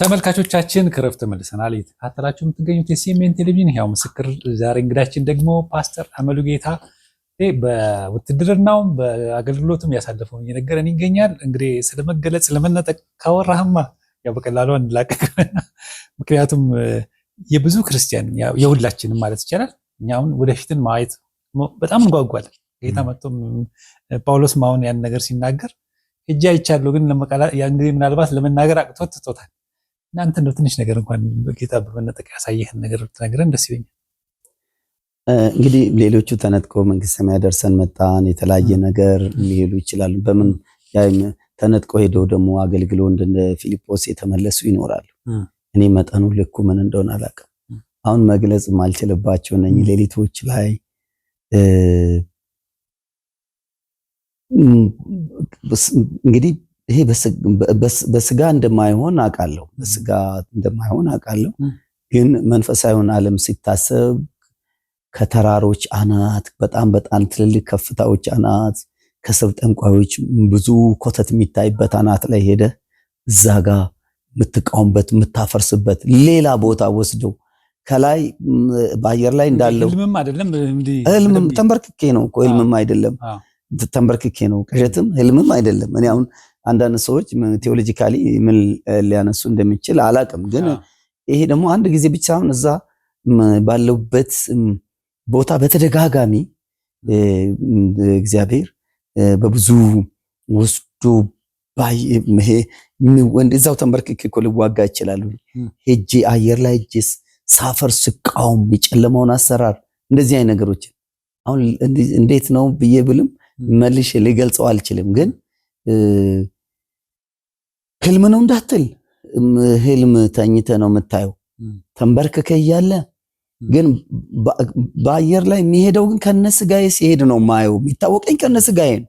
ተመልካቾቻችን ክረፍት መልሰናል። የተከታተላችሁ የምትገኙት የሲኤምኤን ቴሌቪዥን ህያው ምስክር። ዛሬ እንግዳችን ደግሞ ፓስተር አመሉጌታ በውትድርናውም በአገልግሎትም ያሳለፈውን እየነገረን ይገኛል። እንግዲህ ስለመገለጽ ለመነጠቅ ካወራህማ ያው በቀላሉ እንላቀቅ። ምክንያቱም የብዙ ክርስቲያን የሁላችንም ማለት ይቻላል እኛ ወደፊትን ማየት በጣም እንጓጓለን። ጌታ መጥቶም ጳውሎስ አሁን ያን ነገር ሲናገር እጅ አይቻለሁ ግን ያን ምናልባት ለመናገር አቅቶት ትቶታል እናንተ እንደው ትንሽ ነገር እንኳን በጌታ በመነጠቅ ያሳየህን ነገር ብትነግረን ደስ ይለኛል። እንግዲህ ሌሎቹ ተነጥቆ መንግስት ሰማያት ደርሰን መጣን የተለያየ ነገር ሊሄዱ ይችላሉ። በምን ተነጥቆ ሄደው ደግሞ አገልግሎ እንደ ፊልጶስ የተመለሱ ይኖራሉ። እኔ መጠኑ ልኩ ምን እንደሆነ አላውቅም። አሁን መግለጽ ማልችልባቸው ነኝ ሌሊቶች ላይ እንግዲህ ይሄ በስጋ እንደማይሆን አውቃለሁ፣ በስጋ እንደማይሆን አውቃለሁ። ግን መንፈሳዊውን ዓለም ሲታሰብ ከተራሮች አናት በጣም በጣም ትልልቅ ከፍታዎች አናት ከስብ ጠንቋዮች ብዙ ኮተት የሚታይበት አናት ላይ ሄደ እዛ ጋ የምትቃውምበት የምታፈርስበት ሌላ ቦታ ወስዶ ከላይ በአየር ላይ እንዳለው ህልምም ተንበርክኬ ነው እኮ ህልምም አይደለም ተንበርክኬ ነው ቅዠትም ህልምም አይደለም። እኔ አሁን አንዳንድ ሰዎች ቴዎሎጂካሊ ምን ሊያነሱ እንደሚችል አላቅም፣ ግን ይሄ ደግሞ አንድ ጊዜ ብቻ አሁን እዛ ባለውበት ቦታ በተደጋጋሚ እግዚአብሔር በብዙ ወስዶ እዛው ተንበርክክ እኮ ልዋጋ ይችላሉ። ሄጄ አየር ላይ ሄጄስ ሳፈር ስቃውም የጨለማውን አሰራር እንደዚህ አይነት ነገሮች አሁን እንዴት ነው ብዬ ብልም መልሼ ሊገልጸው አልችልም ግን ህልም ነው እንዳትል፣ ህልም ተኝተ ነው የምታየው። ተንበርክከ እያለ ግን በአየር ላይ የሚሄደው ግን ከነ ስጋዬ ሲሄድ ነው ማየው። የሚታወቀኝ ከነ ስጋዬ ነው፣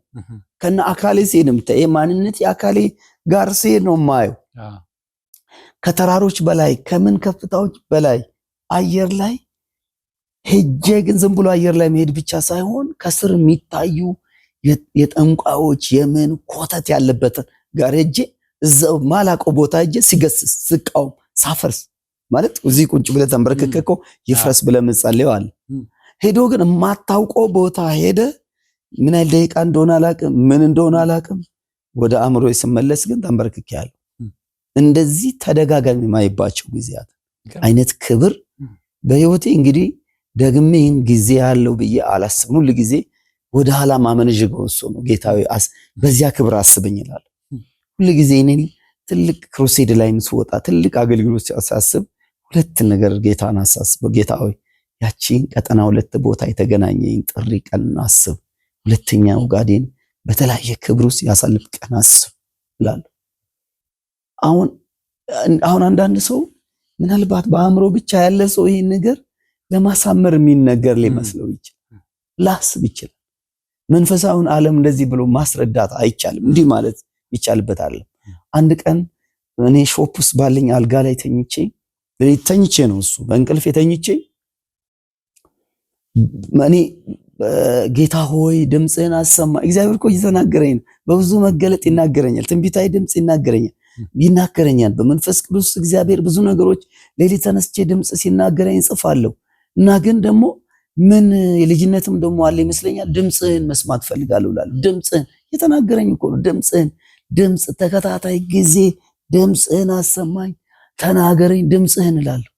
ከነ አካሌ ሲሄድ ማንነት የአካሌ ጋር ሲሄድ ነው ማየው። ከተራሮች በላይ ከምን ከፍታዎች በላይ አየር ላይ ሄጄ ግን ዝም ብሎ አየር ላይ መሄድ ብቻ ሳይሆን ከስር የሚታዩ የጠንቋዎች የምን ኮተት ያለበትን ጋር ሄጄ ማላቆ ቦታ እጄ ሲገስስ ስቃውም ሳፈርስ ማለት እዚህ ቁንጭ ብለ ተንበረከከ እኮ ይፍረስ ብለህ መጸለዩ አለ። ሄዶ ግን የማታውቀው ቦታ ሄደ። ምን ያህል ደቂቃ እንደሆነ አላቅም፣ ምን እንደሆነ አላቅም። ወደ አእምሮ ስመለስ ግን ተንበረክኬ ያለ እንደዚህ ተደጋጋሚ ማይባቸው ጊዜያት አይነት ክብር በህይወቴ እንግዲህ ደግሜ ይህን ጊዜ ያለው ብዬ አላስብም። ሁል ጊዜ ወደ ኋላ ማመንዥገው እሱ ነው። ጌታዊ በዚያ ክብር አስብኝ ይላል። ሁልጊዜ እኔ ትልቅ ክሩሴድ ላይ ስወጣ ትልቅ አገልግሎት ሲያሳስብ ሁለት ነገር ጌታን አሳስበው፣ ጌታ ሆይ ያቺን ቀጠና ሁለት ቦታ የተገናኘኝ ጥሪ ቀን አስብ። ሁለተኛ ውጋዴን በተለያየ ክብር ውስጥ ያሳልፍ ቀን አስብ እላለሁ። አሁን አሁን አንዳንድ ሰው ምናልባት በአእምሮ ብቻ ያለ ሰው ይህን ነገር ለማሳመር የሚነገር ሊመስለው ይችላል፣ ላስብ ይችላል። መንፈሳዊን ዓለም እንደዚህ ብሎ ማስረዳት አይቻልም። እንዲህ ማለት የሚቻልበት አይደለም። አንድ ቀን እኔ ሾፕ ውስጥ ባለኝ አልጋ ላይ ተኝቼ ተኝቼ ነው እሱ በእንቅልፍ የተኝቼ እኔ ጌታ ሆይ ድምፅህን አሰማ። እግዚአብሔር እኮ እየተናገረኝ ነው። በብዙ መገለጥ ይናገረኛል። ትንቢታዊ ድምፅ ይናገረኛል ይናገረኛል በመንፈስ ቅዱስ እግዚአብሔር ብዙ ነገሮች ሌሊት ተነስቼ ድምፅ ሲናገረኝ ጽፋለሁ እና ግን ደግሞ ምን የልጅነትም ደግሞ አለ ይመስለኛል ድምፅህን መስማት ፈልጋለሁ እላለሁ። ድምፅህን የተናገረኝ እኮ ነው ድምፅህን ድምፅ ተከታታይ ጊዜ ድምፅህን አሰማኝ፣ ተናገረኝ፣ ድምፅህን እላለሁ።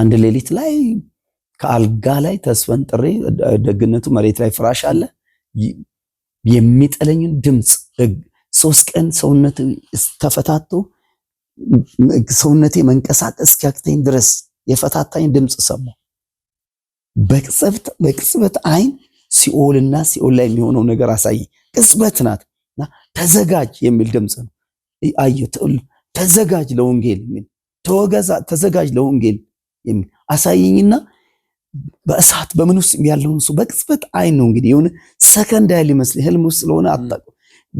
አንድ ሌሊት ላይ ከአልጋ ላይ ተስፈንጥሬ፣ ደግነቱ መሬት ላይ ፍራሽ አለ። የሚጠለኝን ድምፅ ሶስት ቀን ሰውነት ተፈታቶ ሰውነቴ መንቀሳቀስ እስኪያቅተኝ ድረስ የፈታታኝ ድምፅ ሰማሁ። በቅጽበት አይን ሲኦልና ሲኦል ላይ የሚሆነው ነገር አሳይ። ቅጽበት ናት። እና ተዘጋጅ የሚል ድምፅ ነው። አየሁ ተዘጋጅ ለወንጌል የሚል ተወገዛ ተዘጋጅ ለወንጌል የሚል አሳየኝና በእሳት በምን ውስጥ ያለውን እሱ በቅጽበት አይን ነው እንግዲህ የሆነ ሰከንድ ያህል ይመስል ህልም ውስጥ ስለሆነ አጣቁ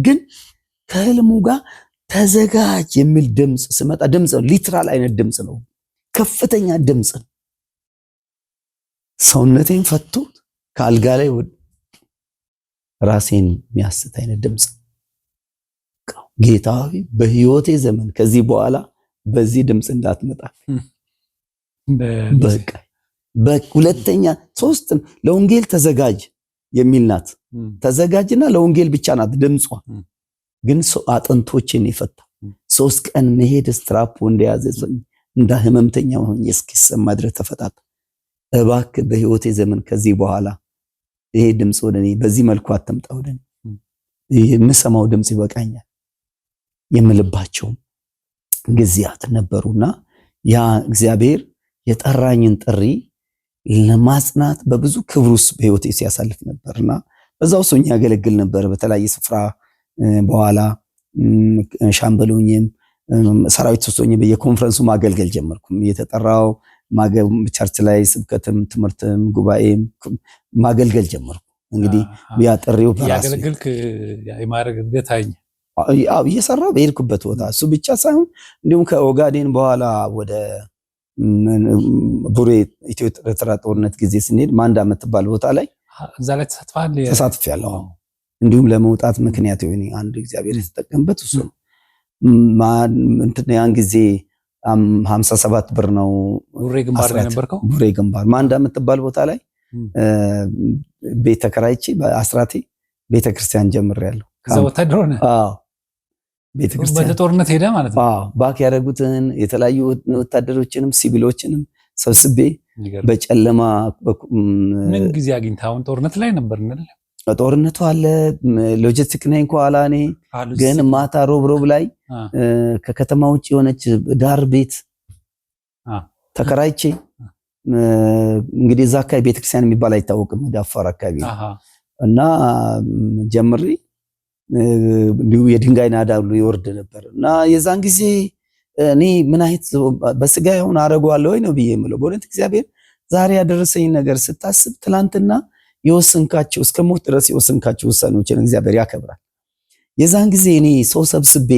ግን ከህልሙ ጋር ተዘጋጅ የሚል ድምፅ ስመጣ ድምፅ ነው፣ ሊትራል አይነት ድምፅ ነው፣ ከፍተኛ ድምፅ ነው። ሰውነቴን ፈቶት ከአልጋ ላይ ራሴን የሚያስት አይነት ድምፅ ነው። ጌታ በህይወቴ ዘመን ከዚህ በኋላ በዚህ ድምፅ እንዳትመጣ በቃ በሁለተኛ ሶስት ለወንጌል ተዘጋጅ የሚል ናት። ተዘጋጅና ለወንጌል ብቻ ናት ድምጿ። ግን አጥንቶችን የፈታ ሶስት ቀን መሄድ ስትራፖ እንደያዘ እንደ ህመምተኛ ሆኜ እስኪሰማ ድረስ ተፈታት። እባክ በህይወቴ ዘመን ከዚህ በኋላ ይሄ ድምፅ ወደ እኔ በዚህ መልኩ አትምጣ፣ ወደ እኔ የምሰማው ድምፅ ይበቃኛል። የምልባቸው ጊዜያት ነበሩና ያ እግዚአብሔር የጠራኝን ጥሪ ለማጽናት በብዙ ክብር ውስጥ በህይወት ሲያሳልፍ ነበርና በዛው ውስጥ ያገለግል ነበር። በተለያየ ስፍራ በኋላ ሻምበሎኝም ሰራዊት ሶስቶኝ በየኮንፈረንሱ ማገልገል ጀመርኩም። የተጠራው ቸርች ላይ ስብከትም፣ ትምህርትም፣ ጉባኤም ማገልገል ጀመርኩ። እንግዲህ ያ ጥሪው ያገለግልክ የማድረግ እድገት አይኝ እየሰራው በሄድኩበት ቦታ እሱ ብቻ ሳይሆን እንዲሁም ከኦጋዴን በኋላ ወደ ቡሬ ኢትዮ ኤርትራ ጦርነት ጊዜ ስንሄድ ማንዳ የምትባል ቦታ ላይ እዛ ላይ ተሳትፌያለሁ። እንዲሁም ለመውጣት ምክንያት የሆነ አንድ እግዚአብሔር የተጠቀምበት እሱ ነው። ያን ጊዜ ሀምሳ ሰባት ብር ነው ቡሬ ግንባር ላይ ነበርከው? ቡሬ ግንባር ማንዳ የምትባል ቦታ ላይ ቤት ተከራይቼ በአስራቴ ቤተክርስቲያን ጀምሬያለሁ። ቤተክርስቲያን በጦርነት ሄደ ማለት ነው። ባክ ያደረጉትን የተለያዩ ወታደሮችንም ሲቪሎችንም ሰብስቤ በጨለማ ምን ጊዜ አሁን ጦርነት ላይ ነበር። ጦርነቱ አለ ሎጂስቲክ ነኝ ከኋላ እኔ ግን ማታ ሮብ ሮብ ላይ ከከተማ ውጭ የሆነች ዳር ቤት ተከራይቼ እንግዲህ እዛ አካባቢ ቤተክርስቲያን የሚባል አይታወቅም። ወደ አፋር አካባቢ እና ጀምሬ እንዲሁ የድንጋይ ናዳ ሁሉ ይወርድ ነበር እና የዛን ጊዜ እኔ ምን አይነት በስጋ የሆን አደርገዋለሁ ወይ ነው ብዬ የምለው። በእውነት እግዚአብሔር ዛሬ ያደረሰኝ ነገር ስታስብ ትላንትና የወሰንካቸው እስከ ሞት ድረስ የወሰንካቸው ውሳኔዎችን እግዚአብሔር ያከብራል። የዛን ጊዜ እኔ ሰው ሰብስቤ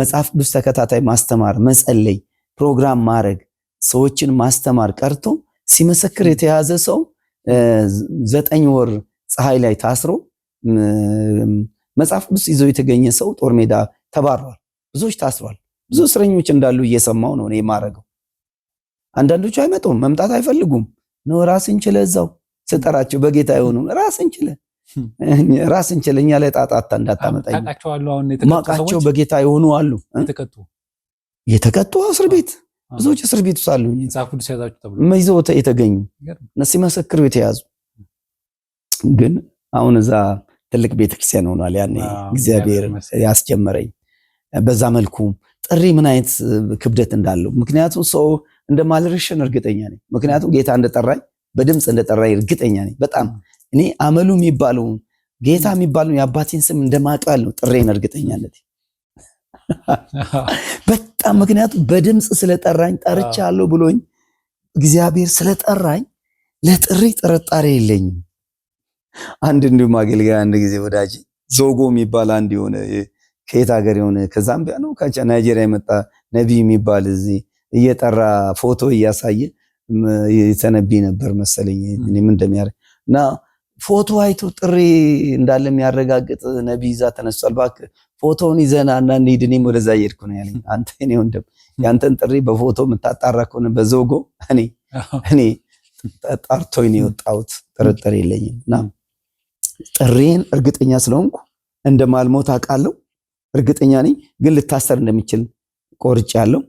መጽሐፍ ቅዱስ ተከታታይ ማስተማር፣ መጸለይ፣ ፕሮግራም ማድረግ፣ ሰዎችን ማስተማር ቀርቶ ሲመሰክር የተያዘ ሰው ዘጠኝ ወር ፀሐይ ላይ ታስሮ መጽሐፍ ቅዱስ ይዞ የተገኘ ሰው ጦር ሜዳ ተባሯል። ብዙዎች ታስሯል። ብዙ እስረኞች እንዳሉ እየሰማው ነው እኔ የማረገው። አንዳንዶቹ አይመጡም፣ መምጣት አይፈልጉም። ነው ራስን ችለ እዛው ስጠራቸው በጌታ አይሆኑም። ራስን ችለ ራስን ችለ እኛ ላይ ጣጣታ እንዳታመጣኝ ማቃቸው በጌታ የሆኑ አሉ የተቀጡ እስር ቤት ብዙዎች እስር ቤት ውስጥ አሉ ይዘው የተገኙ ሲመሰክሩ የተያዙ ግን አሁን እዛ ትልቅ ቤተክርስቲያን ሆኗል። ያኔ እግዚአብሔር ያስጀመረኝ በዛ መልኩ ጥሪ ምን አይነት ክብደት እንዳለው ምክንያቱም ሰው እንደማልረሽን እርግጠኛ ነኝ። ምክንያቱም ጌታ እንደጠራኝ በድምፅ እንደጠራኝ እርግጠኛ ነኝ። በጣም እኔ አመሉ የሚባለው ጌታ የሚባለው የአባቴን ስም እንደማቃል ነው ጥሬን እርግጠኛነት በጣም ምክንያቱም በድምፅ ስለጠራኝ ጠርቻለሁ ብሎኝ እግዚአብሔር ስለጠራኝ ለጥሪ ጥርጣሬ የለኝም። አንድ እንዲሁም አገልጋይ አንድ ጊዜ ወዳጅ ዞጎ የሚባል አንድ የሆነ ከየት ሀገር የሆነ ከዛምቢያ ነው ናይጄሪያ የመጣ ነቢይ የሚባል እዚህ እየጠራ ፎቶ እያሳየ የተነቢ ነበር መሰለኝ እኔም እንደሚያደርግ እና ፎቶ አይቶ ጥሪ እንዳለ የሚያረጋግጥ ነቢይ ይዛ ተነስቷል። እባክህ ፎቶውን ይዘና እና እንሂድ፣ እኔም ወደዛ እየሄድኩ ነው ያለኝ። አንተ እኔ ወንድም ያንተን ጥሪ በፎቶ የምታጣራ ከሆነ በዞጎ እኔ እኔ ጠርቶኝ ነው የወጣሁት፣ ጥርጥር የለኝም እና ጥሬን እርግጠኛ ስለሆንኩ እንደማልሞት አውቃለሁ። እርግጠኛ ነኝ፣ ግን ልታሰር እንደሚችል ያለው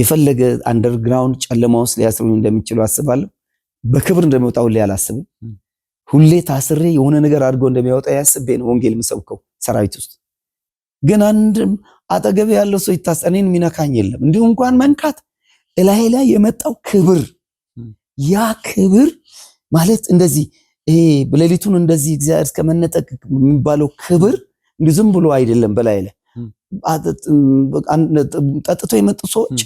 የፈለገ አንደርግራውንድ ጨለማ ውስጥ ሊያስሩኝ እንደሚችሉ አስባለሁ። በክብር እንደሚወጣ ሁሌ አላስብም። ሁሌ ታስሬ የሆነ ነገር አድርጎ እንደሚያወጣ ያስቤ ነው ወንጌል የምሰብከው ሰራዊት ውስጥ። ግን አንድም አጠገቤ ያለው ሰው ይታሰር እኔን የሚነካኝ የለም። እንዲሁ እንኳን መንካት እላይ ላይ የመጣው ክብር ያ ክብር ማለት እንደዚህ ይሄ ሌሊቱን እንደዚህ እግዚአብሔር እስከ መነጠቅ የሚባለው ክብር ዝም ብሎ አይደለም። በላይ ላይ ጠጥቶ የመጡ ሰዎች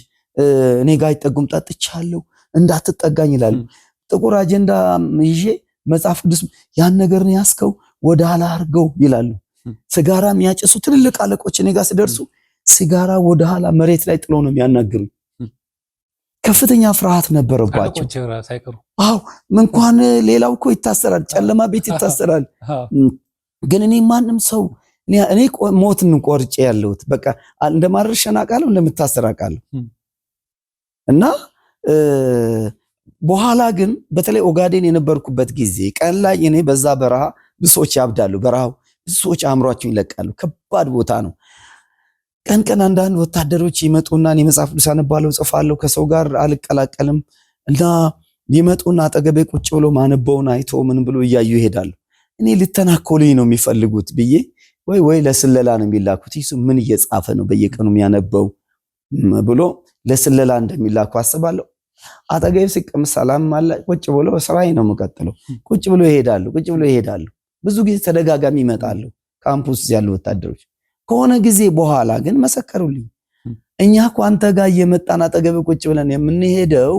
እኔ ጋር አይጠጉም፣ ጠጥቻለሁ እንዳትጠጋኝ ይላሉ። ጥቁር አጀንዳ ይዤ መጽሐፍ ቅዱስ ያን ነገርን ያስከው ወደ ኋላ አርገው ይላሉ። ስጋራ የሚያጨሱ ትልልቅ አለቆች እኔ ሲደርሱ ስጋራ ወደ ኋላ መሬት ላይ ጥሎ ነው የሚያናግሩኝ። ከፍተኛ ፍርሃት ነበረባቸው። አዎ እንኳን ሌላው እኮ ይታሰራል፣ ጨለማ ቤት ይታሰራል። ግን እኔ ማንም ሰው እኔ ሞት እንቆርጭ ያለሁት በቃ እንደማረሸን አውቃለሁ፣ እንደምታሰር አውቃለሁ። እና በኋላ ግን በተለይ ኦጋዴን የነበርኩበት ጊዜ ቀን ላይ እኔ በዛ በረሃ ብዙ ሰዎች ያብዳሉ። በረሃው ብዙ ሰዎች አእምሯቸውን ይለቃሉ። ከባድ ቦታ ነው። ቀን ቀን አንዳንድ ወታደሮች ይመጡና የመጽሐፍ ቅዱስ አነባለሁ፣ ጽፋለሁ፣ ከሰው ጋር አልቀላቀልም እና ይመጡና አጠገቤ ቁጭ ብሎ ማነበውን አይቶ ምን ብሎ እያዩ ይሄዳሉ። እኔ ልተናኮልኝ ነው የሚፈልጉት ብዬ ወይ ወይ ለስለላ ነው የሚላኩት እሱ ምን እየጻፈ ነው በየቀኑ የሚያነበው ብሎ ለስለላ እንደሚላኩ አስባለሁ። አጠገብ ሲቀም ሰላም አለ። ቁጭ ብሎ ስራዬ ነው የምቀጥለው። ቁጭ ብሎ ይሄዳሉ፣ ቁጭ ብሎ ይሄዳሉ። ብዙ ጊዜ ተደጋጋሚ ይመጣሉ ካምፕ ውስጥ ያሉ ወታደሮች ከሆነ ጊዜ በኋላ ግን መሰከሩልኝ። እኛ እኮ አንተ ጋር እየመጣን አጠገብ ቁጭ ብለን የምንሄደው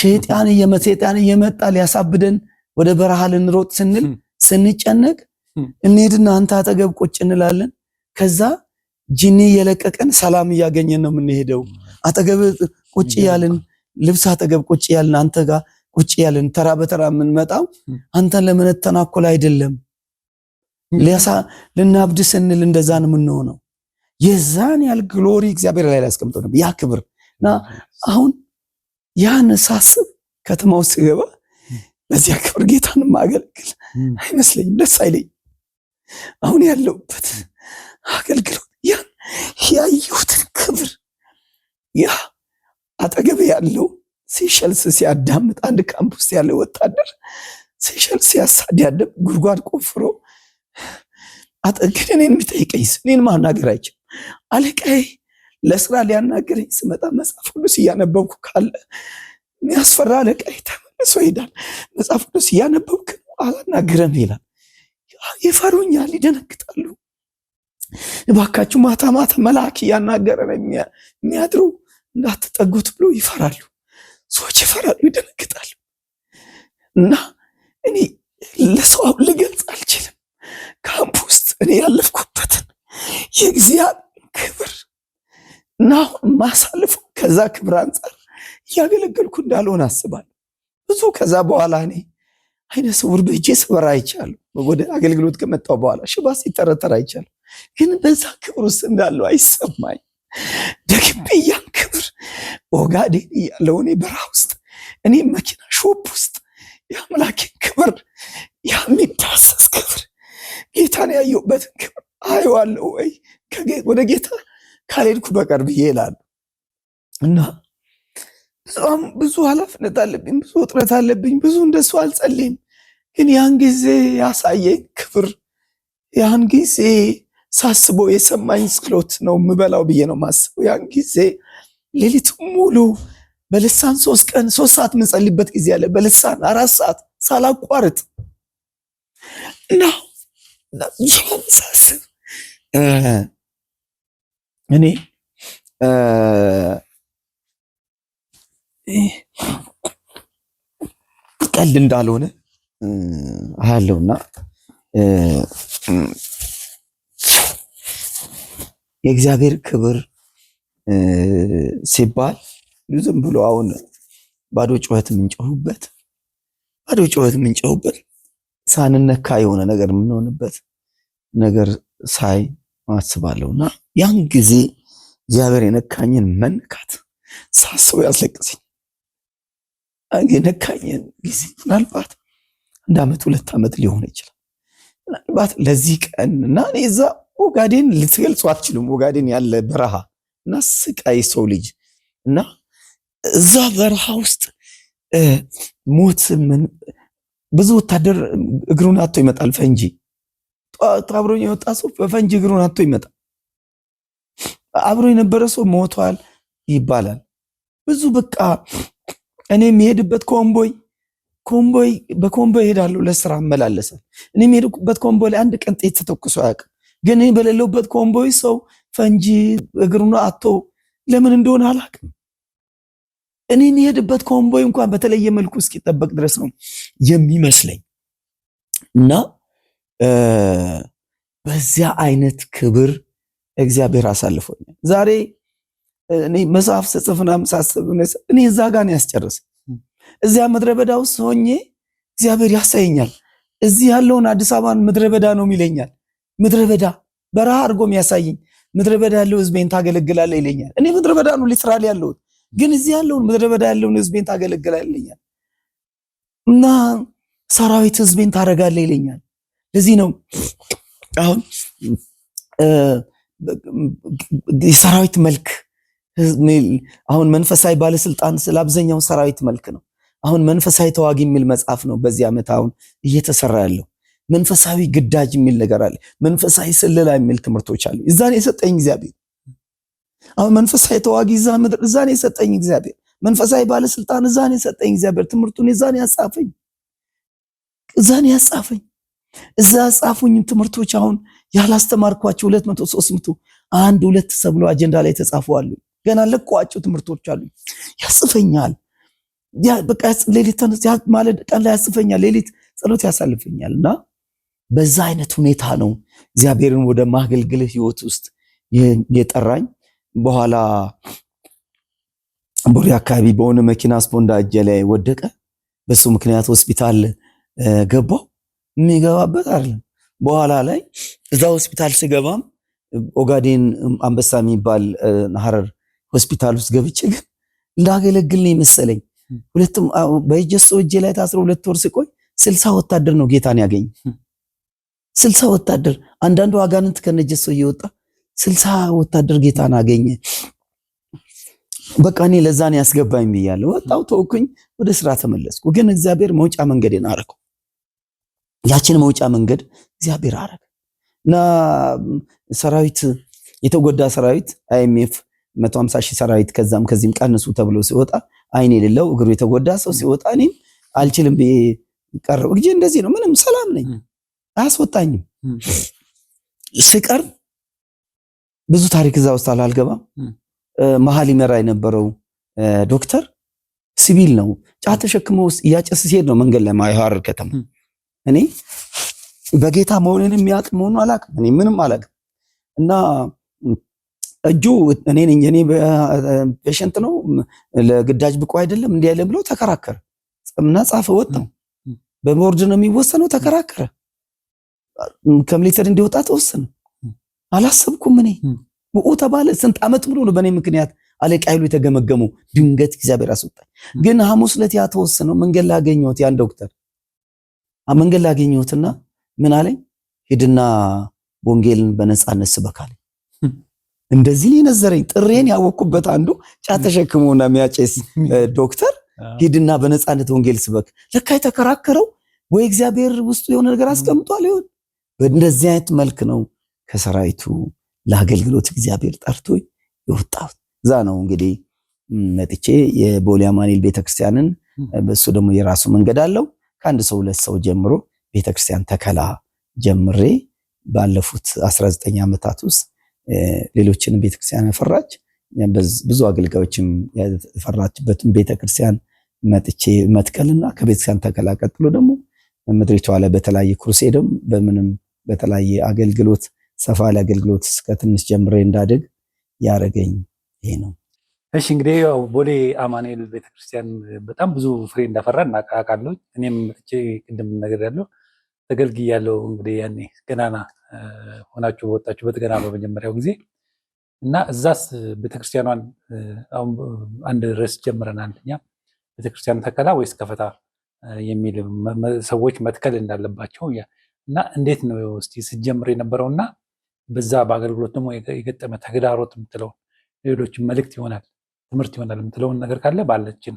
ሸይጣን እየመሰይጣን እየመጣ ሊያሳብደን ወደ በረሃ ልንሮጥ ስንል ስንጨነቅ እንሄድና አንተ አጠገብ ቁጭ እንላለን። ከዛ ጂኒ እየለቀቀን ሰላም እያገኘን ነው የምንሄደው። አጠገብ ቁጭ ያልን ልብስ አጠገብ ቁጭ ያልን አንተ ጋር ቁጭ ያልን ተራ በተራ የምንመጣው አንተን ለመነተናኮል አይደለም። ልናብድ ስንል እንደዛ ነው የምንሆነው። የዛን ያህል ግሎሪ እግዚአብሔር ላይ ሊያስቀምጠው ነበር ያ ክብር እና አሁን ያን ሳስብ ከተማ ውስጥ ገባ በዚያ ክብር ጌታን ማገልግል አይመስለኝም፣ ደስ አይለኝ። አሁን ያለሁበት አገልግሎት ያን ያየሁትን ክብር ያ አጠገብ ያለው ሴሸልስ ሲያዳምጥ አንድ ካምፕ ውስጥ ያለው ወታደር ሴሸልስ ሲያሳዳደም ጉድጓድ ቆፍሮ ግን እኔን የሚጠይቀኝስ እኔን ማናገር አይችልም። አለቃዬ ለስራ ሊያናገረኝ ስመጣ መጽሐፍ ቅዱስ እያነበብኩ ካለ የሚያስፈራ አለቃዬ ተመልሶ ይሄዳል። መጽሐፍ ቅዱስ እያነበብክ አላናገረም ይላል። ይፈሩኛል፣ ይደነግጣሉ። እባካችሁ ማታ ማታ መልአክ እያናገረ ነው የሚያድረው እንዳትጠጉት ብሎ ይፈራሉ። ሰዎች ይፈራሉ፣ ይደነግጣሉ። እና እኔ ለሰው ልገልጽ አልችልም ካምፕ ውስጥ እኔ ያለፍኩበትን የእግዚአብሔር ክብር እና አሁን ከዛ ክብር አንጻር እያገለገልኩ እንዳልሆን አስባለሁ። ብዙ ከዛ በኋላ እኔ አይነ ስውር በእጄ ስበራ አይቻለሁ። ወደ አገልግሎት ከመጣሁ በኋላ ሽባ ሲተረተር አይቻለሁ። ግን በዛ ክብር ውስጥ እንዳለው አይሰማኝ ደግሜ ያን ክብር ኦጋዴን እያለው እኔ በረሃ ውስጥ እኔ መኪና ሾፕ ውስጥ የአምላኬን ክብር የሚዳሰስ ክብር ጌታን ያየሁበት አየዋለሁ ወይ ወደ ጌታ ካልሄድኩ በቀር ብዬ ይላሉ እና በጣም ብዙ ኃላፊነት አለብኝ፣ ብዙ ውጥረት አለብኝ፣ ብዙ እንደሱ አልጸልይም። ግን ያን ጊዜ ያሳየኝ ክብር ያን ጊዜ ሳስቦ የሰማኝ ጸሎት ነው የምበላው ብዬ ነው ማስበው። ያን ጊዜ ሌሊቱ ሙሉ በልሳን ሶስት ቀን ሶስት ሰዓት የምንጸልይበት ጊዜ አለ። በልሳን አራት ሰዓት ሳላቋርጥ ነው ሳስብ እኔ ቀልድ እንዳልሆነ አያለውና የእግዚአብሔር ክብር ሲባል ዝም ብሎ አሁን ባዶ ጩኸት የምንጨሁበት ባዶ ጩኸት የምንጨሁበት ሳንነካ የሆነ ነገር የምንሆንበት ነገር ሳይ አስባለሁ እና ያን ጊዜ እግዚአብሔር የነካኝን መነካት ሳስበው ያስለቅሰኝ የነካኝን ጊዜ ምናልባት አንድ ዓመት ሁለት ዓመት ሊሆን ይችላል። ምናልባት ለዚህ ቀን እና እኔ እዛ ኦጋዴን ልትገልጹ አትችሉም። ኦጋዴን ያለ በረሃ እና ስቃይ ሰው ልጅ እና እዛ በረሃ ውስጥ ሞት ብዙ ወታደር እግሩን አቶ ይመጣል። ፈንጂ አብሮኝ የወጣ ሰው በፈንጂ እግሩን አቶ ይመጣል። አብሮ የነበረ ሰው ሞቷል ይባላል። ብዙ በቃ እኔ የሚሄድበት ኮምቦይ ኮምቦይ በኮምቦይ እሄዳለሁ፣ ለስራ እመላለሳል። እኔ የሚሄድበት ኮምቦይ ላይ አንድ ቀን ጤት ተተኩሶ አያውቅም። ግን እኔ በሌለውበት ኮምቦይ ሰው ፈንጂ እግሩን አቶ ለምን እንደሆነ አላውቅም። እኔ የሚሄድበት ኮንቮይ እንኳን በተለየ መልኩ እስኪጠበቅ ድረስ ነው የሚመስለኝ እና በዚያ አይነት ክብር እግዚአብሔር አሳልፎኛል። ዛሬ እኔ መጽሐፍ ስጽፍና ሳስብ እኔ እዛ ጋ ነው ያስጨርስ። እዚያ ምድረ በዳ ውስጥ ሆኜ እግዚአብሔር ያሳየኛል። እዚህ ያለውን አዲስ አበባን ምድረ በዳ ነው ይለኛል። ምድረ በዳ በረሃ አድርጎ የሚያሳየኝ ምድረ በዳ ያለው ህዝቤን ታገለግላለህ ይለኛል። እኔ ምድረ በዳ ነው ሊትራል ያለሁት ግን እዚህ ያለውን ምድረ በዳ ያለውን ህዝቤን ታገለግላል ይለኛል እና ሰራዊት ህዝቤን ታደረጋለ ይለኛል። ለዚህ ነው አሁን የሰራዊት መልክ አሁን መንፈሳዊ ባለስልጣን ስለ አብዛኛው ሰራዊት መልክ ነው። አሁን መንፈሳዊ ተዋጊ የሚል መጽሐፍ ነው በዚህ ዓመት አሁን እየተሰራ ያለው መንፈሳዊ ግዳጅ የሚል ነገር አለ። መንፈሳዊ ስልላ የሚል ትምህርቶች አሉ። እዛን የሰጠኝ እግዚአብሔር አሁን መንፈሳዊ ተዋጊ እዛ ምድር እዛን የሰጠኝ እግዚአብሔር፣ መንፈሳዊ ባለስልጣን እዛን የሰጠኝ እግዚአብሔር፣ ትምህርቱን እዛን ያጻፈኝ እዛን ያጻፈኝ እዛ ያጻፉኝም ትምህርቶች አሁን ያላስተማርኳቸው ሁለት መቶ ሶስት መቶ አንድ ሁለት ሰብሎ አጀንዳ ላይ ተጻፉ አሉ። ገና ለቋቸው ትምህርቶች አሉ። ያጽፈኛል በቃ ሌሊት ማለድ ቀን ላይ ያጽፈኛል፣ ሌሊት ጸሎት ያሳልፈኛል እና በዛ አይነት ሁኔታ ነው እግዚአብሔርን ወደ ማገልግል ህይወት ውስጥ የጠራኝ። በኋላ ቦሌ አካባቢ በሆነ መኪና ስፖንዳ እጄ ላይ ወደቀ። በሱ ምክንያት ሆስፒታል ገባው። የሚገባበት አይደለም። በኋላ ላይ እዛ ሆስፒታል ስገባም ኦጋዴን አንበሳ የሚባል ሀረር ሆስፒታል ውስጥ ገብቼ ግን እንዳገለግል ነው የመሰለኝ። ሁለቱም በእጀሶ እጄ ላይ ታስረ ሁለት ወር ስቆይ ስልሳ ወታደር ነው ጌታን ያገኝ ስልሳ ወታደር አንዳንዱ አጋንንት ከነጀሶ እየወጣ ስልሳ ወታደር ጌታን አገኘ። በቃ እኔ ለዛን ያስገባኝ ብያለሁ። ወጣው ተውኩኝ፣ ወደ ስራ ተመለስኩ። ግን እግዚአብሔር መውጫ መንገዴን አረኩ። ያችን መውጫ መንገድ እግዚአብሔር አረግ እና ሰራዊት የተጎዳ ሰራዊት አይኤምኤፍ 150 ሺህ ሰራዊት ከዛም ከዚህም ቀንሱ ተብሎ ሲወጣ አይን የሌለው እግሩ የተጎዳ ሰው ሲወጣ እኔም አልችልም ብዬ ቀረው። እንደዚህ ነው። ምንም ሰላም ነኝ፣ አያስወጣኝም ስቀር ብዙ ታሪክ እዛ ውስጥ አላልገባም። መሀል ይመራ የነበረው ዶክተር ሲቪል ነው። ጫት ተሸክመው ውስጥ እያጨስ ሲሄድ ነው መንገድ ላይ ማይዋር ከተማ እኔ በጌታ መሆኔን የሚያውቅ መሆኑ አላውቅም። እኔ ምንም አላውቅም። እና እጁ እኔ ነኝ እኔ ፔሸንት ነው ለግዳጅ ብቁ አይደለም እንዲህ ያለ ብለው ተከራከረ እና ጻፈ ወጣው። በቦርድ ነው የሚወሰነው። ተከራከረ ከሚሊተሪ እንዲወጣ ተወሰነ። አላሰብኩም። እኔ ውኡ ተባለ። ስንት ዓመት ሙሉ ነው በእኔ ምክንያት አለቃ ኃይሉ የተገመገመው። ድንገት እግዚአብሔር አስወጣኝ። ግን ሐሙስ ዕለት ያ ተወሰነው መንገድ ላይ ያን ዶክተር መንገድ ላይ ምን አለኝ፣ ሂድና ወንጌልን በነፃነት ስበካል። እንደዚህ የነዘረኝ ጥሬን ያወቅኩበት አንዱ ጫት ተሸክሞና የሚያጨስ ዶክተር ሂድና በነፃነት ወንጌል ስበክ። ለካ የተከራከረው ወይ እግዚአብሔር ውስጡ የሆነ ነገር አስቀምጧል ይሆን። በእንደዚህ አይነት መልክ ነው ከሰራዊቱ ለአገልግሎት እግዚአብሔር ጠርቶኝ የወጣሁት እዛ ነው። እንግዲህ መጥቼ የቦሌ አማኑኤል ቤተክርስቲያንን በሱ ደግሞ የራሱ መንገድ አለው። ከአንድ ሰው ሁለት ሰው ጀምሮ ቤተክርስቲያን ተከላ ጀምሬ ባለፉት 19 ዓመታት ውስጥ ሌሎችን ቤተክርስቲያን ያፈራች ብዙ አገልጋዮችም የፈራችበትን ቤተክርስቲያን መጥቼ መትከልና ከቤተክርስቲያን ተከላ ቀጥሎ ደግሞ ምድሪቷ ላይ በተለያየ ክሩሴድም በምንም በተለያየ አገልግሎት ሰፋ አገልግሎት እስከ ትንሽ ጀምሬ እንዳድግ ያደረገኝ ይሄ ነው። እሺ እንግዲህ ያው ቦሌ አማኑኤል ቤተክርስቲያን በጣም ብዙ ፍሬ እንዳፈራ እናቃቃለሁ። እኔም መጥቼ ቅድም ነገር ያለው ያለው እንግዲህ ያኔ ገናና ሆናችሁ በወጣችሁበት ገና በመጀመሪያው ጊዜ እና እዛስ ቤተክርስቲያኗን አሁን አንድ ርዕስ ጀምረናል እኛ ቤተክርስቲያን ተከላ ወይስ ከፈታ የሚል ሰዎች መትከል እንዳለባቸው እና እንዴት ነው ስ ስጀምር የነበረውና በዛ በአገልግሎት ደግሞ የገጠመ ተግዳሮት የምትለውን ሌሎች መልእክት ይሆናል ትምህርት ይሆናል የምትለውን ነገር ካለ ባለችን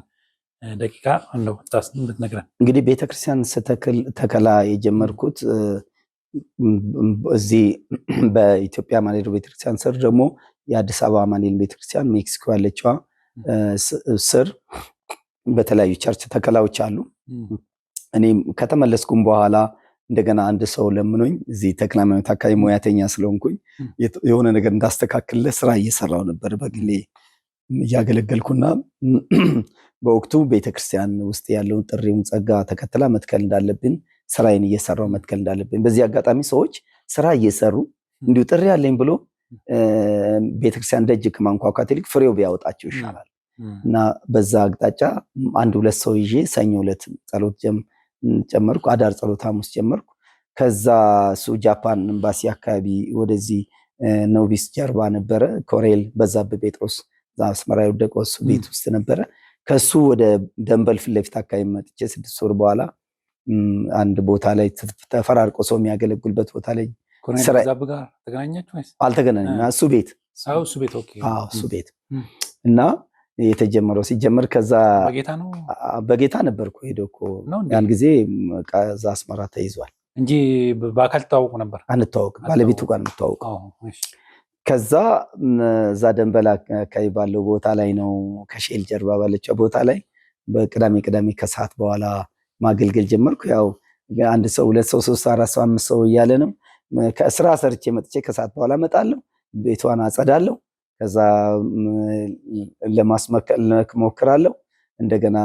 ደቂቃ ነው እንግዲህ ቤተክርስቲያን ስተክል ተከላ የጀመርኩት እዚህ በኢትዮጵያ ማኔዶ ቤተክርስቲያን ስር ደግሞ የአዲስ አበባ ማኔል ቤተክርስቲያን ሜክሲኮ ያለችዋ ስር በተለያዩ ቸርች ተከላዎች አሉ። እኔም ከተመለስኩም በኋላ እንደገና አንድ ሰው ለምኖኝ እዚህ ተክለ ሃይማኖት አካባቢ ሙያተኛ ስለሆንኩኝ የሆነ ነገር እንዳስተካክለ ስራ እየሰራው ነበር በግሌ እያገለገልኩና በወቅቱ ቤተክርስቲያን ውስጥ ያለውን ጥሪውን ጸጋ ተከትላ መትከል እንዳለብን ስራዬን እየሰራው መትከል እንዳለብን በዚህ አጋጣሚ ሰዎች ስራ እየሰሩ እንዲሁ ጥሪ አለኝ ብሎ ቤተክርስቲያን ደጅ ከማንኳኳት ይልቅ ፍሬው ቢያወጣቸው ይሻላል እና በዛ አቅጣጫ አንድ ሁለት ሰው ይዤ ሰኞ ዕለት ጸሎት ጀምር ጨመርኩ። አዳር ጸሎት ሐሙስ ጨመርኩ። ከዛ እሱ ጃፓን ኤምባሲ አካባቢ ወደዚህ ኖቪስ ጀርባ ነበረ ኮሬል በዛብህ ጴጥሮስ አስመራ የወደቀው እሱ ቤት ውስጥ ነበረ። ከሱ ወደ ደንበል ፊት ለፊት አካባቢ መጥቼ ስድስት ወር በኋላ አንድ ቦታ ላይ ተፈራርቆ ሰው የሚያገለግልበት ቦታ ላይ አልተገናኘ እሱ ቤት እሱ ቤት እና የተጀመረው ሲጀመር ከዛ በጌታ ነበርኩ ሄደ እኮ ያን ጊዜ ከዛ አስመራ ተይዟል እንጂ በአካል ተዋውቁ ነበር አንተዋውቅ ባለቤቱ ጋር እንተዋውቅ ከዛ እዛ ደንበላ አካባቢ ባለው ቦታ ላይ ነው ከሼል ጀርባ ባለችው ቦታ ላይ በቅዳሜ ቅዳሜ ከሰዓት በኋላ ማገልገል ጀመርኩ ያው አንድ ሰው ሁለት ሰው ሶስት አራት ሰው አምስት ሰው እያለ ነው ከስራ ሰርቼ መጥቼ ከሰዓት በኋላ እመጣለሁ ቤቷን አጸዳለሁ ከዛ ለማስመከል ሞክራለሁ። እንደገና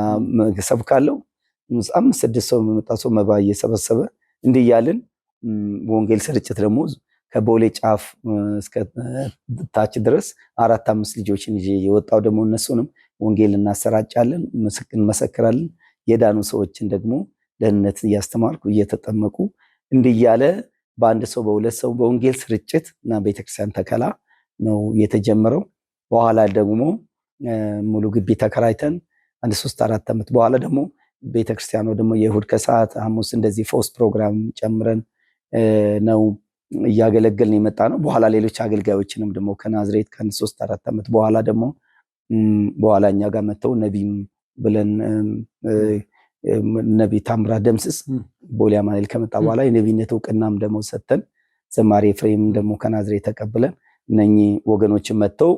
ሰብካለሁ። አምስት ስድስት ሰው የሚመጣ ሰው መባ እየሰበሰበ እንዲህ እያልን ወንጌል ስርጭት ደግሞ ከቦሌ ጫፍ እስከ ታች ድረስ አራት አምስት ልጆችን ይዤ የወጣው ደግሞ እነሱንም ወንጌል እናሰራጫለን፣ እንመሰክራለን። የዳኑ ሰዎችን ደግሞ ደህንነት እያስተማርኩ እየተጠመቁ እንዲህ እያለ በአንድ ሰው በሁለት ሰው በወንጌል ስርጭት እና ቤተክርስቲያን ተከላ ነው የተጀመረው። በኋላ ደግሞ ሙሉ ግቢ ተከራይተን አንድ ሶስት አራት ዓመት በኋላ ደግሞ ቤተክርስቲያኗ ደግሞ የእሁድ ከሰዓት ሐሙስ እንደዚህ ፎስ ፕሮግራም ጨምረን ነው እያገለገልን የመጣ ነው። በኋላ ሌሎች አገልጋዮችንም ደግሞ ከናዝሬት ከአንድ ሶስት አራት ዓመት በኋላ ደግሞ በኋላ እኛ ጋር መጥተው ነቢም ብለን ነቢ ታምራት ደምስስ ቦሊያ አማኑኤል ከመጣ በኋላ የነቢነት እውቅናም ደግሞ ሰጥተን ዘማሪ ፍሬም ደግሞ ከናዝሬት ተቀብለን እነኚህ ወገኖችን መጥተው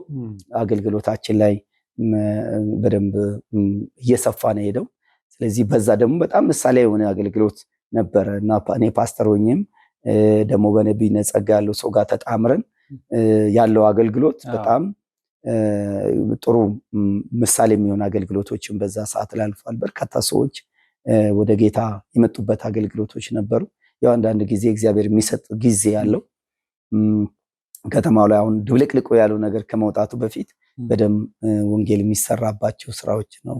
አገልግሎታችን ላይ በደንብ እየሰፋ ነው ሄደው። ስለዚህ በዛ ደግሞ በጣም ምሳሌ የሆነ አገልግሎት ነበረ እና እኔ ፓስተር ሆኜም ደግሞ በነቢይነት ጸጋ ያለው ሰው ጋር ተጣምረን ያለው አገልግሎት በጣም ጥሩ ምሳሌ የሚሆን አገልግሎቶችን በዛ ሰዓት ላልፏል። በርካታ ሰዎች ወደ ጌታ የመጡበት አገልግሎቶች ነበሩ። ያው አንዳንድ ጊዜ እግዚአብሔር የሚሰጥ ጊዜ ያለው ከተማው ላይ አሁን ድብልቅልቁ ያሉ ነገር ከመውጣቱ በፊት በደንብ ወንጌል የሚሰራባቸው ስራዎች ነው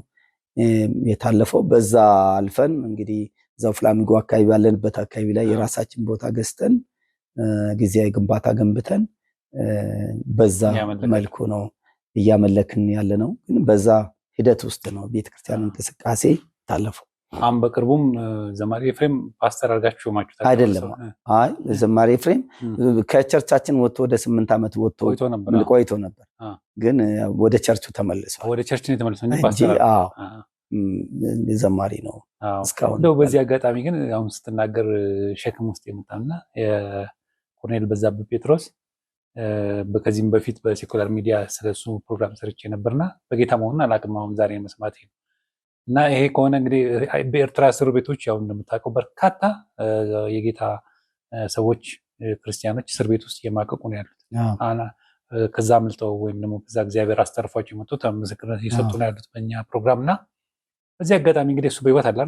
የታለፈው። በዛ አልፈን እንግዲህ እዛው ፍላሚንጎ አካባቢ ባለንበት አካባቢ ላይ የራሳችን ቦታ ገዝተን ጊዜያዊ ግንባታ ገንብተን በዛ መልኩ ነው እያመለክን ያለ ነው። ግን በዛ ሂደት ውስጥ ነው ቤተክርስቲያን እንቅስቃሴ ታለፈው። አሁን በቅርቡም ዘማሪ ኤፍሬም ፓስተር አድርጋችሁ ማችሁ አይደለም? አይ ዘማሪ ኤፍሬም ከቸርቻችን ወጥቶ ወደ ስምንት ዓመት ወጥቶ ቆይቶ ነበር፣ ግን ወደ ቸርቹ ተመልሷል። ወደ ቸርች ነው የተመለሰው ዘማሪ ነው እስካሁን። እንደው በዚህ አጋጣሚ ግን አሁን ስትናገር ሸክም ውስጥ የመጣና የኮርኔል በዛብህ ጴጥሮስ ከዚህም በፊት በሴኩላር ሚዲያ ስለሱ ፕሮግራም ሰርቼ ነበርና በጌታ መሆኑን አላቅም። አሁን ዛሬ መስማት ነው እና ይሄ ከሆነ እንግዲህ በኤርትራ እስር ቤቶች ያው እንደምታውቀው በርካታ የጌታ ሰዎች ክርስቲያኖች እስር ቤት ውስጥ እየማቀቁ ነው ያሉት። ከዛ አምልጠው ወይም ደግሞ ከዛ እግዚአብሔር አስተርፏቸው የመጡት ምስክርነት እየሰጡ ነው ያሉት በእኛ ፕሮግራም። እና በዚህ አጋጣሚ እንግዲህ እሱ በህይወት አለ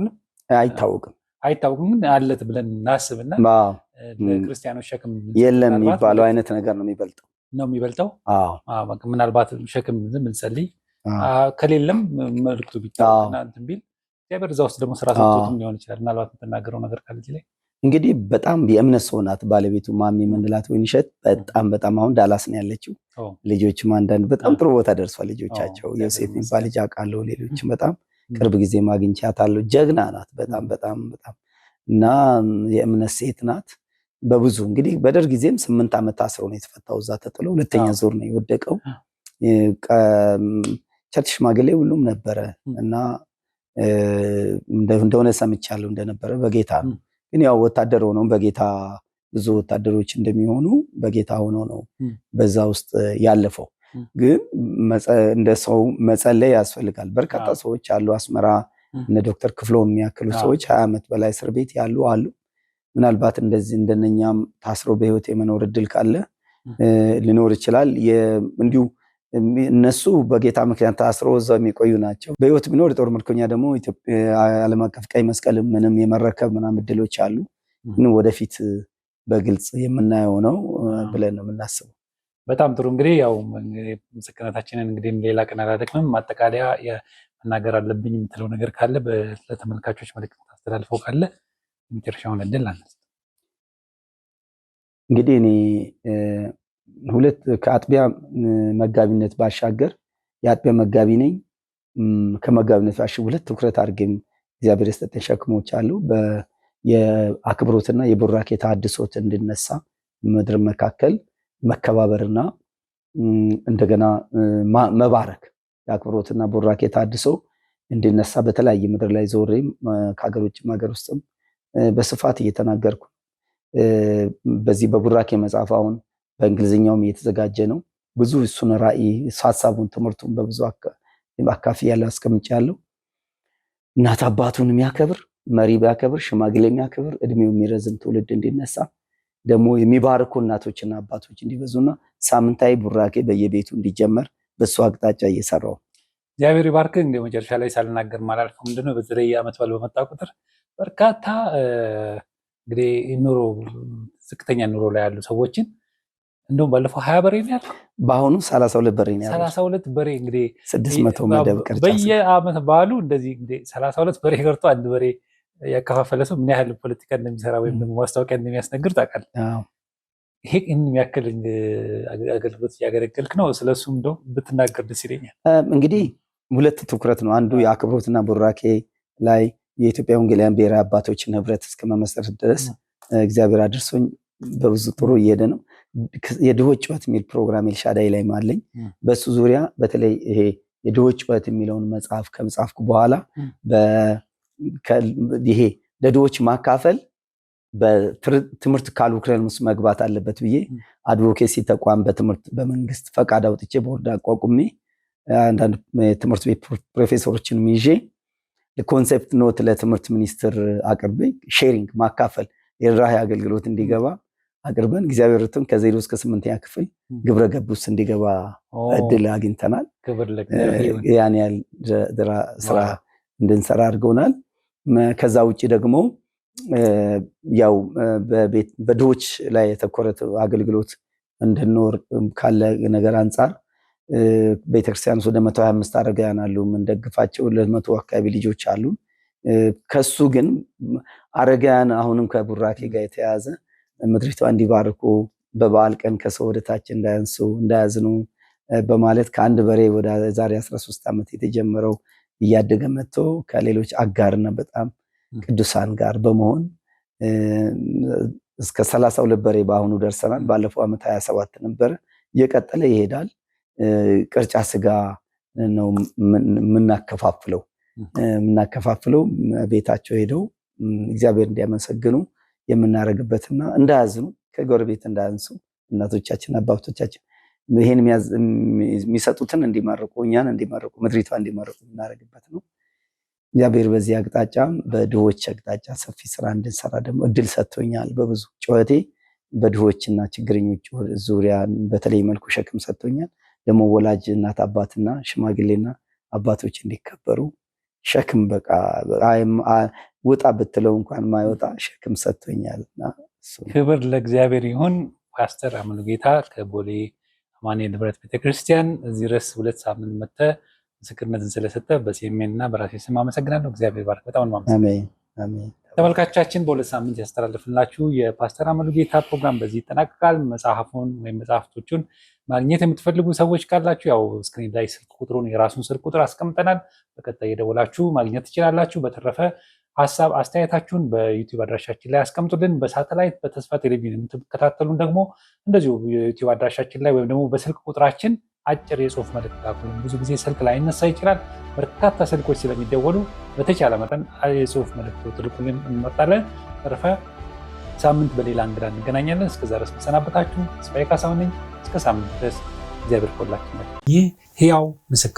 አይታወቅም አይታወቅም፣ ግን አለት ብለን እና ክርስቲያኖች ሸክም የለም የሚባለው አይነት ነገር ነው የሚበልጠው ነው የሚበልጠው ምናልባት ሸክም ምንጸልይ ከሌለም መልክቱ ቢታናንት ቢል እግዚአብሔር እዛ ውስጥ ደግሞ ስራ ሰቶትም ሊሆን ይችላል። ምናልባት የምትናገረው ነገር ካለ ላይ እንግዲህ በጣም የእምነት ሰው ናት ባለቤቱ ማሚ የምንላት ወይንሸት በጣም በጣም አሁን ዳላስ ነው ያለችው። ልጆችም አንዳንድ በጣም ጥሩ ቦታ ደርሷል። ልጆቻቸው ዮሴፍ የሚባል ልጅ አውቃለሁ። ሌሎችም በጣም ቅርብ ጊዜ ማግኝቻታለሁ። ጀግና ናት በጣም በጣም በጣም እና የእምነት ሴት ናት። በብዙ እንግዲህ በደርግ ጊዜም ስምንት ዓመት ታስሮ ነው የተፈታው። እዛ ተጥሎ ሁለተኛ ዙር ነው የወደቀው። ቸርች ሽማግሌ ሁሉም ነበረ እና እንደሆነ ሰምቻለሁ እንደነበረ በጌታ ነው። ግን ያው ወታደር ሆነው በጌታ ብዙ ወታደሮች እንደሚሆኑ በጌታ ሆኖ ነው በዛ ውስጥ ያለፈው። ግን እንደ ሰው መጸለይ ያስፈልጋል። በርካታ ሰዎች አሉ አስመራ እነ ዶክተር ክፍሎ የሚያክሉ ሰዎች ሀያ ዓመት በላይ እስር ቤት ያሉ አሉ። ምናልባት እንደዚህ እንደነኛም ታስሮ በህይወት የመኖር እድል ካለ ሊኖር ይችላል። እንዲሁ እነሱ በጌታ ምክንያት ታስረው እዛው የሚቆዩ ናቸው። በህይወት ቢኖር የጦር ምርኮኛ ደግሞ ዓለም አቀፍ ቀይ መስቀል ምንም የመረከብ ምናምን እድሎች አሉ። ግን ወደፊት በግልጽ የምናየው ነው ብለን ነው የምናስበው። በጣም ጥሩ እንግዲህ ያው ምስክርነታችንን እንግዲህ ሌላ ቀን አላደቅምም። ማጠቃለያ መናገር አለብኝ የምትለው ነገር ካለ ለተመልካቾች መልዕክት ታስተላልፈው ካለ መጨረሻውን እድል አነስ እንግዲህ እኔ ሁለት ከአጥቢያ መጋቢነት ባሻገር የአጥቢያ መጋቢ ነኝ። ከመጋቢነት ባሻገር ሁለት ትኩረት አድርጌም እግዚአብሔር የሰጠኝ ሸክሞች አሉ። የአክብሮትና የቡራኬ ተሐድሶት እንድነሳ በምድር መካከል መከባበርና እንደገና መባረክ የአክብሮትና ቡራኬ ተሐድሶ እንድነሳ በተለያየ ምድር ላይ ዞሬም ከሀገር ውጭም ሀገር ውስጥም በስፋት እየተናገርኩ በዚህ በቡራኬ መጽሐፍ አሁን በእንግሊዝኛውም እየተዘጋጀ ነው። ብዙ እሱን ራእይ ሀሳቡን ትምህርቱን በብዙ አካፊ ያለ አስቀምጫ ያለው እናት አባቱን የሚያከብር መሪ ቢያከብር ሽማግሌ የሚያከብር እድሜው የሚረዝም ትውልድ እንዲነሳ ደግሞ የሚባርኩ እናቶችና አባቶች እንዲበዙና ሳምንታዊ ቡራኬ በየቤቱ እንዲጀመር በሱ አቅጣጫ እየሰራው እግዚአብሔር ይባርክ። እንደ መጨረሻ ላይ ሳልናገር ማላልፈው ምንድነው በተለይ ዓመት በዓል በመጣ ቁጥር በርካታ እንግዲህ ኑሮ ዝቅተኛ ኑሮ ላይ ያሉ ሰዎችን እንደውም ባለፈው ሀያ በሬ ነው ያልከው፣ በአሁኑ ሰላሳ ሁለት በሬ ነው ያልከው። ሰላሳ ሁለት በሬ እንግዲህ ስድስት መቶ መደብ ቅርጫ በየአመት በዓሉ እንደዚህ እንግዲህ ሰላሳ ሁለት በሬ ገርቶ አንድ በሬ ያከፋፈለ ሰው ምን ያህል ፖለቲካ እንደሚሰራ ወይም ደግሞ ማስታወቂያ እንደሚያስነግር ታውቃለህ። ይህን የሚያክል አገልግሎት እያገለገልክ ነው። ስለሱም እንደው ብትናገር ደስ ይለኛል። እንግዲህ ሁለት ትኩረት ነው። አንዱ የአክብሮትና ቡራኬ ላይ የኢትዮጵያ ወንጌላውያን ብሔራዊ አባቶችን ህብረት እስከመመስረት ድረስ እግዚአብሔር አድርሶኝ በብዙ ጥሩ እየሄደ ነው። የድሆች ጩኸት የሚል ፕሮግራም ኤልሻዳይ ላይ አለኝ። በሱ ዙሪያ በተለይ ይሄ የድሆች ጩኸት የሚለውን መጽሐፍ ከመጽሐፍኩ በኋላ ይሄ ለድሆች ማካፈል በትምህርት ካሪኩለም ውስጥ መግባት አለበት ብዬ አድቮኬሲ ተቋም በትምህርት በመንግስት ፈቃድ አውጥቼ በወርዳ አቋቁሜ አንዳንድ ትምህርት ቤት ፕሮፌሰሮችን ይዤ ኮንሴፕት ኖት ለትምህርት ሚኒስትር አቅርቤ ሼሪንግ ማካፈል የራህ አገልግሎት እንዲገባ አቅርበን እግዚአብሔር ርትም ከዜሮ እስከ ስምንተኛ ክፍል ግብረ ገብ ውስጥ እንዲገባ እድል አግኝተናል። ያን ያህል ስራ እንድንሰራ አድርገውናል። ከዛ ውጭ ደግሞ ያው በድሆች ላይ የተኮረ አገልግሎት እንድንኖር ካለ ነገር አንጻር ቤተክርስቲያን ውስጥ ወደ መቶ ሀያ አምስት አረጋውያን አሉ የምንደግፋቸው ለመቶ አካባቢ ልጆች አሉ። ከሱ ግን አረጋውያን አሁንም ከቡራኬ ጋር የተያያዘ ምድሪቷ እንዲባርኩ በበዓል ቀን ከሰው ወደታች እንዳያንሱ እንዳያዝኑ በማለት ከአንድ በሬ ወደ ዛሬ 13 ዓመት የተጀመረው እያደገ መጥቶ ከሌሎች አጋርና በጣም ቅዱሳን ጋር በመሆን እስከ 32 በሬ በአሁኑ ደርሰናል። ባለፈው ዓመት 27 ነበረ። እየቀጠለ ይሄዳል። ቅርጫ ስጋ ነው የምናከፋፍለው የምናከፋፍለው ቤታቸው ሄደው እግዚአብሔር እንዲያመሰግኑ የምናደርግበትና እንዳያዝኑ ከጎረቤት እንዳያንሱ እናቶቻችን አባቶቻችን ይህን የሚሰጡትን እንዲመርቁ እኛን እንዲመርቁ ምድሪቷ እንዲመርቁ የምናደርግበት ነው። እግዚአብሔር በዚህ አቅጣጫ በድሆች አቅጣጫ ሰፊ ስራ እንድንሰራ ደግሞ እድል ሰጥቶኛል። በብዙ ጩኸቴ በድሆችና ችግረኞች ዙሪያ በተለይ መልኩ ሸክም ሰጥቶኛል። ደግሞ ወላጅ እናት አባትና ሽማግሌና አባቶች እንዲከበሩ ሸክም በቃ ውጣ ብትለው እንኳን ማይወጣ ሸክም ሰጥቶኛል። ክብር ለእግዚአብሔር ይሁን። ፓስተር ጌታ ከቦሌ አማኔ ንብረት ቤተክርስቲያን እዚህ ረስ ሁለት ሳምንት መተ ምስክርነትን ስለሰጠ በሴሜን እና በራሴ ስም አመሰግናለሁ። እግዚአብሔር ባርክ። በጣም ተመልካቻችን በሁለት ሳምንት ያስተላልፍላችሁ የፓስተር ጌታ ፕሮግራም በዚህ ይጠናቀቃል። መጽሐፉን ወይም መጽሐፍቶቹን ማግኘት የምትፈልጉ ሰዎች ካላችሁ ያው ስክሪን ላይ ስልክ ቁጥሩን የራሱን ስልክ ቁጥር አስቀምጠናል። በቀጣይ የደወላችሁ ማግኘት ትችላላችሁ። በተረፈ ሀሳብ አስተያየታችሁን በዩቲዩብ አድራሻችን ላይ አስቀምጡልን። በሳተላይት በተስፋ ቴሌቪዥን የምትከታተሉን ደግሞ እንደዚሁ የዩቲዩብ አድራሻችን ላይ ወይም ደግሞ በስልክ ቁጥራችን አጭር የጽሁፍ መልዕክት ላኩልን። ብዙ ጊዜ ስልክ ላይ ይነሳ ይችላል። በርካታ ስልኮች ስለሚደወሉ በተቻለ መጠን የጽሁፍ መልዕክት ትልቁልን እንመርጣለን። ተረፈ ሳምንት በሌላ እንግዳ እንገናኛለን። እስከዛ ድረስ መሰናበታችሁ ስፋይ ካሳሁን ነኝ። እስከ ሳምንት ድረስ እግዚአብሔር ይባርካችሁ። ይህ ህያው ምስክር